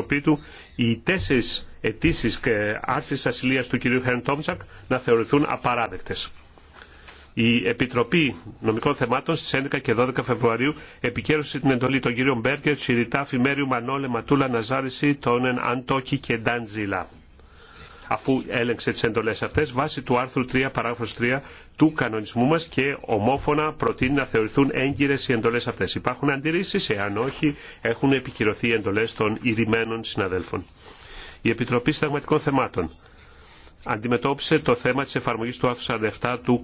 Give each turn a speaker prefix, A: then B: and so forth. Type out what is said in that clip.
A: επιτροπή του οι τέσσερις αιτήσει και ε, άρσης ασυλίας του κυρίου Χέρν να θεωρηθούν απαράδεκτες. Η Επιτροπή Νομικών Θεμάτων στις 11 και 12 Φεβρουαρίου επικέρωσε την εντολή των κυρίων Μπέργκερ, Τσιριτάφη, Μέριου, Μανόλε, Ματούλα, Ναζάριση, Τόνεν, Αντόκι και Ντάντζιλα αφού έλεγξε τις εντολές αυτές βάσει του άρθρου 3 παράγραφος 3 του κανονισμού μας και ομόφωνα προτείνει να θεωρηθούν έγκυρες οι εντολές αυτές. Υπάρχουν αντιρρήσεις, εάν όχι έχουν επικυρωθεί οι εντολές των ηρημένων συναδέλφων. Η Επιτροπή Συνταγματικών Θεμάτων αντιμετώπισε το
B: θέμα της εφαρμογής του άρθρου 47 του